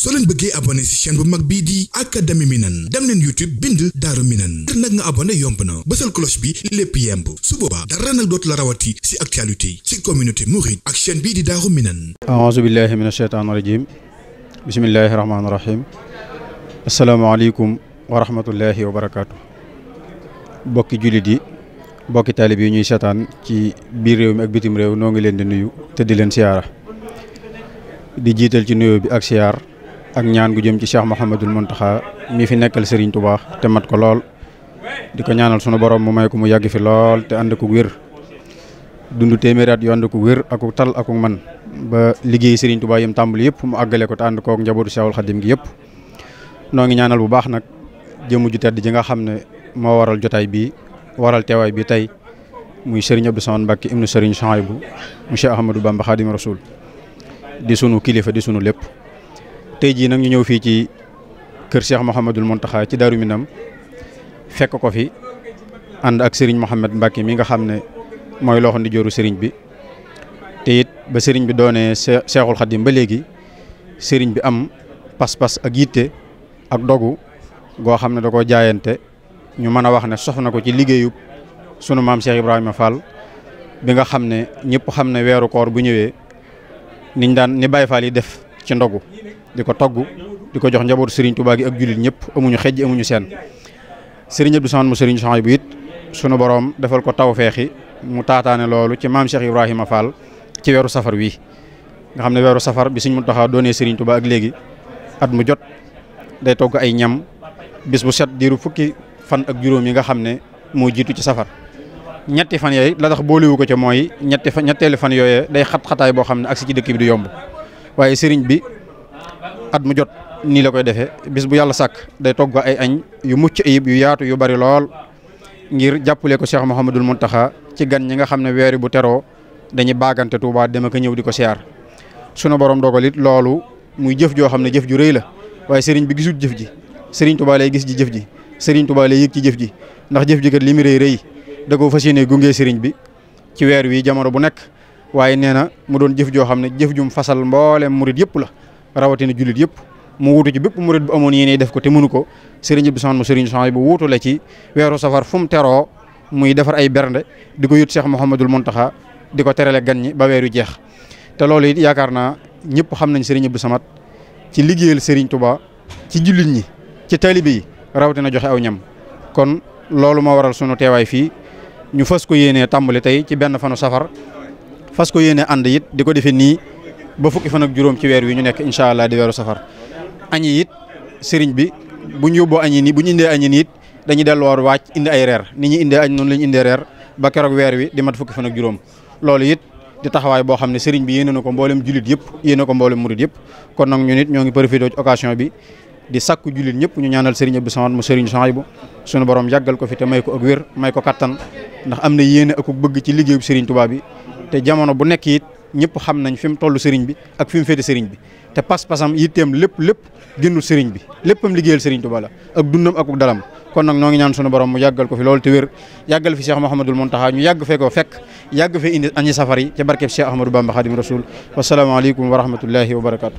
soo leen bëggee abonné ci chaîne bu mag bii di académie Minane dem leen YouTube bind Daaru Minane ngir nag nga abonné yomb na bësal cloche bi lépp yemb su boobaa dara nag dootu la rawati ci actualité ci communauté mouride ak chaîne bii di Daaru Minane a'uuzu billahi minash shaytaani rajiim bismillahi rahmaani rahiim asalaamaaleykum wa bokki jullit yi bokki taalib yi ñuy seetaan ci biir réew mi ak bitim réew noo ngi leen di nuyu te di leen siyaara di jiital ci nuyoo bi ak siyaar ak ñaan ku jëm ci Cheikh Mouhamadul Mountakha mi fi nekkal Serigne Touba te mat ko lool di ko ñaanal sunu borom mu may ko mu yàgg fi lool te ànd ko wér dund téeméeri yu ànd ko wér ak tal ak man ba liggéey Serigne Touba yim tàmbali yëpp mu àggale ko te ànd koog njabootu Cheikhul Khadim gi yëpp noo ngi ñaanal bu baax nag jëmm ju tedd ji nga xam ne moo waral jotaay bii waral teewaay bi tey muy Serigne Abdou Samad Mbacké ibnu Serigne Souhaïbou mu Cheikh Ahmadou Bamba Khadim Rasoul di sunu kilifa di sunu lépp. tey jii nag ñu ñëw fii ci kër Cheikh Mouhamadul Mountakha ci Daaru Minam fekk ko fi ànd ak sëriñ Mouhamed Mbacke mi nga xam ne mooy loxo ndijooru sëriñ bi te it ba sëriñ bi doonee Cheikhul Khadim ba léegi sëriñ bi am pas-pas ak yitte ak dogu goo xam ne da koo jaayante ñu mën a wax ne sof na ko ci liggéeyu sunu maam Cheikh Ibrahima Fall bi nga xam ne ñépp xam ne weeru koor bu ñëwee niñ daan ni Baye Fall yi def. ci ndogu di ko togg di ko jox njaboot sëriñ Touba gi ak jullit ñëpp amuñu xejj amuñu seen Serigne Abdou Samad mu Serigne Chouaïbou bu it sunu boroom defal ko tawféexi mu taataane loolu ci maam Cheikh Ibrahima Fall ci weeru safar wii nga xam ne weeru safar bi Serigne Mountakha doonee Serigne Touba ak léegi at mu jot day togg ay ñam bis bu set diiru fukki fan ak juróom yi nga xam ne moo jiitu ci safar. ñetti fan yooyu la tax boolewu ko ca mooy ñetti fan ñetteelu fan yooyee day xat-xataay boo xam ne agsi ci dëkk bi du yomb waaye sëriñ bi at mu jot nii la koy defee bis bu yàlla sàkk day togg ay añ yu mucc ayib yu yaatu yu bari lool ngir jàppale ko Cheikh Mouhamadul taxa ci gan ñi nga xam ne weeri bu teroo dañuy baagante Touba dem ak ñëw di ko siyaar sunu borom dogal it loolu muy jëf joo xam ne jëf ju rëy la waaye sëriñ bi gisul jëf ji sëriñ Touba lay gis ji jëf ji sëriñ Touba lay yëg ci jëf ji ndax jëf ji kat li mu rëy rëy da koo fas yéene gunge sëriñ bi ci weer wi jamono bu nekk. waaye nee na mu doon jëf joo xam ne jëf jum fasal mboolem murit yëpp la rawatina jullit yëpp mu wuutu ci bépp murit bu amoon yéene def ko te mënu ko sëriñ Abdou Samad mu sëriñ Samad bu wuutu la ci weeru safar fu teroo muy defar ay bernde di ko yut Cheikh Mouhamadul taxa di ko terale gan ñi ba weeru jeex te loolu it yaakaar naa ñëpp xam nañ sëriñ Abdou samat ci liggéeyal sëriñ Touba ci jullit ñi ci taalibe yi rawatina joxe aw ñam kon loolu moo waral sunu teewaay fii ñu fas ko yéenee tàmbali tey ci benn fanu safar fas ko yéene ànd it di ko defee nii ba fukki fan ak juróom ci weer wi ñu nekk incha allah di weeru safar añi it sëriñ bi bu ñu yóbboo añi nii bu ñu indee añi nii it dañuy delluwaar waaj indi ay reer ni ñu indee añ noonu la ñu indee reer ba keroog weer wi di mat fukki fan juróom loolu it di taxawaay boo xam ne sëriñ bi yéene na ko mboolem jullit yëpp yéene ko mboolem murit yëpp kon nag ñu nit ñoo ngi profité ci occasion bi di sakku jullit ñëpp ñu ñaanal sëriñ Abdou Samad mu sëriñ Souhaïbou sunu borom yàggal ko fi te may ko ak wér ko kattan ndax am na yéene ak bëgg ci liggéeyu sëriñ Tuubaa te jamono bu nekk it ñëpp xam nañ fi mu toll sëriñ bi ak fi mu féete sëriñ bi te pas-pasam yitteem lépp lépp génnul sëriñ bi léppam liggéeyal sëriñ Tuubaa la ak dundam ak dalam kon nag noo ngi ñaan sunu borom mu yàggal ko fi loolu te wér yàggal fi Cheikh Mouhamadul Mountakha ñu yàgg fee ko fekk yàgg fee indi añi safar yi ca barkeb Cheikh Ahmadou Bamba Khadim Rasoul wasalaamaaleykum wa rahmatullahi wa barakaatu.